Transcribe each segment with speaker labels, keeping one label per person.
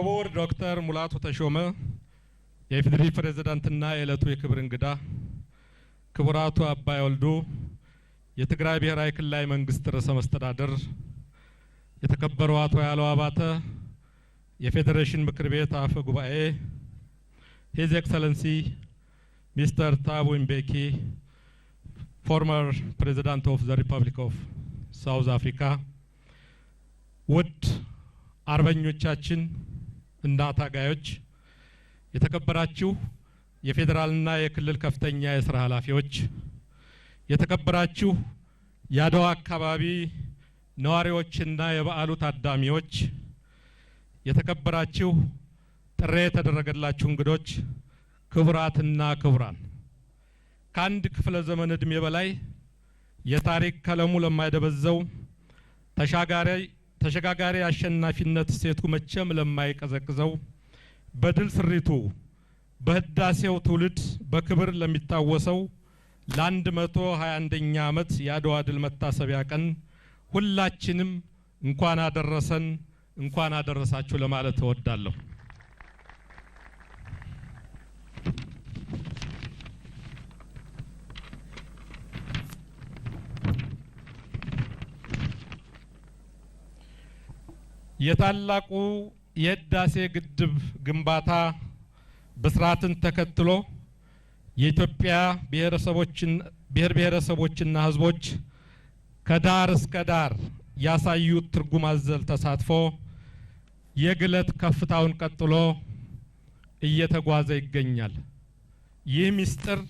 Speaker 1: ክቡር ዶክተር ሙላቱ ተሾመ የኢፌዴሪ ፕሬዝዳንትና የዕለቱ የክብር እንግዳ፣ ክቡራቱ አባይ ወልዱ የትግራይ ብሔራዊ ክልላዊ መንግስት ርዕሰ መስተዳድር፣ የተከበሩ አቶ ያለው አባተ የፌዴሬሽን ምክር ቤት አፈ ጉባኤ፣ ሂዝ ኤክሰለንሲ ሚስተር ታቡ ምቤኪ ፎርመር ፕሬዚዳንት ኦፍ ዘ ሪፐብሊክ ኦፍ ሳውዝ አፍሪካ ውድ አርበኞቻችን እና ታጋዮች፣ የተከበራችሁ የፌዴራልና የክልል ከፍተኛ የስራ ኃላፊዎች፣ የተከበራችሁ የአድዋ አካባቢ ነዋሪዎችና የበዓሉ ታዳሚዎች፣ የተከበራችሁ ጥሪ የተደረገላችሁ እንግዶች፣ ክቡራትና ክቡራን ከአንድ ክፍለ ዘመን እድሜ በላይ የታሪክ ቀለሙ ለማይደበዘው ተሻጋሪ ተሸጋጋሪ አሸናፊነት ሴቱ መቼም ለማይቀዘቅዘው በድል ስሪቱ በህዳሴው ትውልድ በክብር ለሚታወሰው ለአንድ መቶ ሀያ አንደኛ ዓመት የአድዋ ድል መታሰቢያ ቀን ሁላችንም እንኳን አደረሰን እንኳን አደረሳችሁ ለማለት እወዳለሁ። የታላቁ የህዳሴ ግድብ ግንባታ ብስራትን ተከትሎ የኢትዮጵያ ብሔር ብሔረሰቦችና ህዝቦች ከዳር እስከ ዳር ያሳዩት ትርጉም አዘል ተሳትፎ የግለት ከፍታውን ቀጥሎ እየተጓዘ ይገኛል። ይህ ምስጢር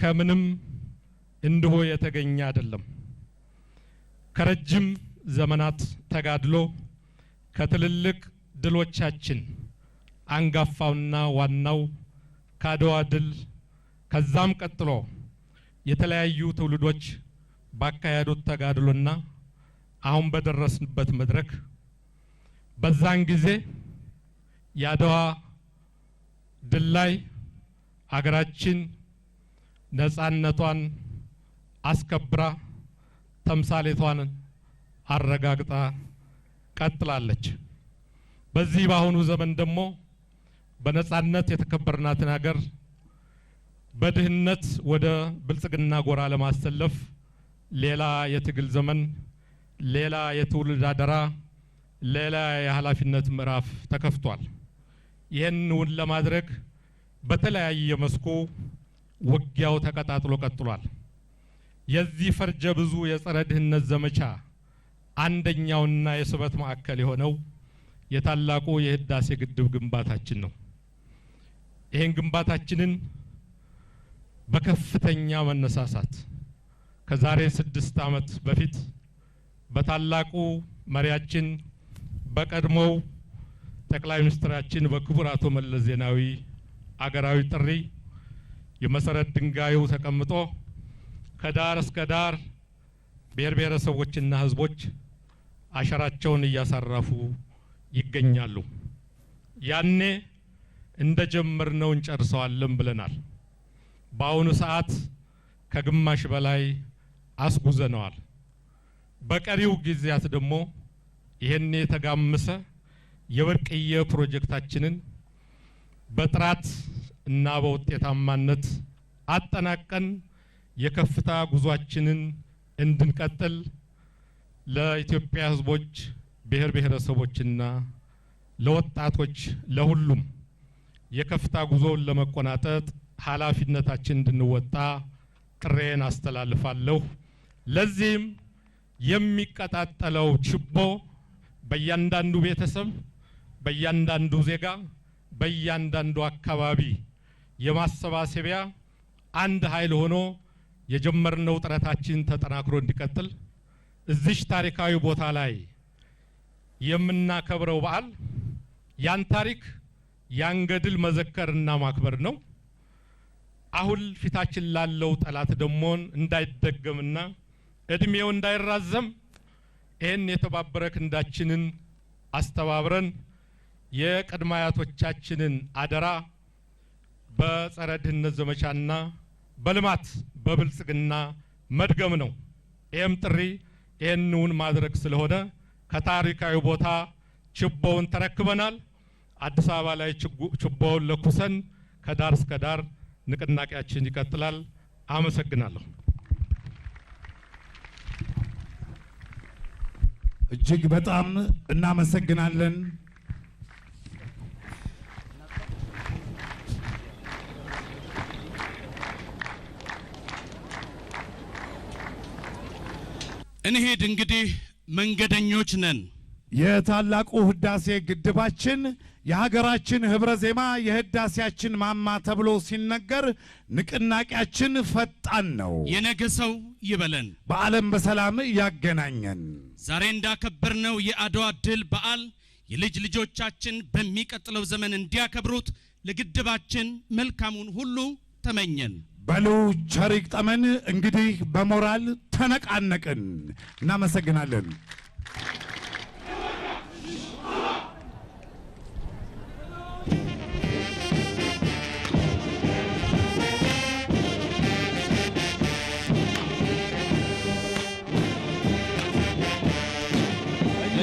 Speaker 1: ከምንም እንዲሁ የተገኘ አይደለም። ከረጅም ዘመናት ተጋድሎ ከትልልቅ ድሎቻችን አንጋፋውና ዋናው ከአድዋ ድል ከዛም ቀጥሎ የተለያዩ ትውልዶች ባካሄዱት ተጋድሎና አሁን በደረስንበት መድረክ በዛን ጊዜ የአድዋ ድል ላይ አገራችን ነጻነቷን አስከብራ ተምሳሌቷን አረጋግጣ ቀጥላለች። በዚህ በአሁኑ ዘመን ደግሞ በነጻነት የተከበርናትን ሀገር በድህነት ወደ ብልጽግና ጎራ ለማሰለፍ ሌላ የትግል ዘመን፣ ሌላ የትውልድ አደራ፣ ሌላ የኃላፊነት ምዕራፍ ተከፍቷል። ይህን እውን ለማድረግ በተለያየ መስኩ ውጊያው ተቀጣጥሎ ቀጥሏል። የዚህ ፈርጀ ብዙ የጸረ ድህነት ዘመቻ አንደኛውና የስበት ማዕከል የሆነው የታላቁ የህዳሴ ግድብ ግንባታችን ነው። ይህን ግንባታችንን በከፍተኛ መነሳሳት ከዛሬ ስድስት ዓመት በፊት በታላቁ መሪያችን በቀድሞው ጠቅላይ ሚኒስትራችን በክቡር አቶ መለስ ዜናዊ አገራዊ ጥሪ የመሰረት ድንጋዩ ተቀምጦ ከዳር እስከ ዳር ብሔር ብሔረሰቦችና ህዝቦች አሸራቸውን እያሳረፉ ይገኛሉ። ያኔ እንደ ጀመርነው እንጨርሰዋለን ብለናል። በአሁኑ ሰዓት ከግማሽ በላይ አስጉዘነዋል። በቀሪው ጊዜያት ደግሞ ይሄን የተጋመሰ የብርቅዬ ፕሮጀክታችንን በጥራት እና በውጤታማነት አጠናቀን የከፍታ ጉዟችንን እንድንቀጥል ለኢትዮጵያ ህዝቦች ብሔር ብሔረሰቦችና ለወጣቶች ለሁሉም የከፍታ ጉዞውን ለመቆናጠጥ ኃላፊነታችን እንድንወጣ ጥሬን አስተላልፋለሁ። ለዚህም የሚቀጣጠለው ችቦ በእያንዳንዱ ቤተሰብ፣ በእያንዳንዱ ዜጋ፣ በእያንዳንዱ አካባቢ የማሰባሰቢያ አንድ ኃይል ሆኖ የጀመርነው ጥረታችን ተጠናክሮ እንዲቀጥል እዚሽ ታሪካዊ ቦታ ላይ የምናከብረው በዓል ያን ታሪክ ያን ገድል መዘከርና ማክበር ነው። አሁን ፊታችን ላለው ጠላት ደግሞ እንዳይደገምና እድሜው እንዳይራዘም ይህን የተባበረ ክንዳችንን አስተባብረን የቅድመ አያቶቻችንን አደራ በጸረ ድህነት ዘመቻና በልማት በብልጽግና መድገም ነው። ይህም ጥሪ ይህንን ማድረግ ስለሆነ ከታሪካዊ ቦታ ችቦውን ተረክበናል። አዲስ አበባ ላይ ችቦውን ለኩሰን ከዳር እስከ ዳር ንቅናቄያችን ይቀጥላል። አመሰግናለሁ። እጅግ በጣም እናመሰግናለን።
Speaker 2: እንሄድ እንግዲህ መንገደኞች ነን።
Speaker 3: የታላቁ ህዳሴ ግድባችን የሀገራችን ህብረ ዜማ የህዳሴያችን ማማ ተብሎ ሲነገር ንቅናቄያችን ፈጣን ነው።
Speaker 2: የነገ ሰው ይበለን፣
Speaker 3: በዓለም በሰላም ያገናኘን።
Speaker 2: ዛሬ እንዳከበርነው የአድዋ ድል በዓል የልጅ ልጆቻችን በሚቀጥለው ዘመን እንዲያከብሩት ለግድባችን መልካሙን ሁሉ ተመኘን።
Speaker 3: በሉ ቸር ጠመን እንግዲህ በሞራል ተነቃነቅን። እናመሰግናለን።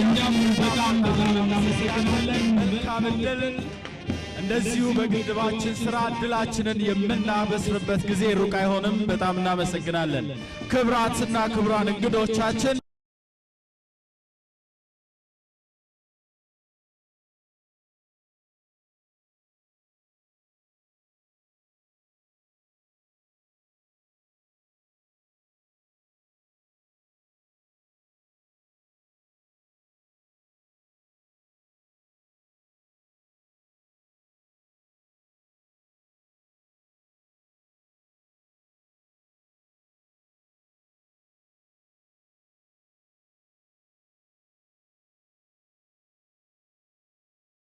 Speaker 3: እኛም በጣም በጣም እናመሰግናለን። መልካም እድል እንደዚሁ በግድባችን ስራ እድላችንን የምናበስርበት ጊዜ ሩቅ አይሆንም። በጣም እናመሰግናለን። ክብራትና ክብራን እንግዶቻችን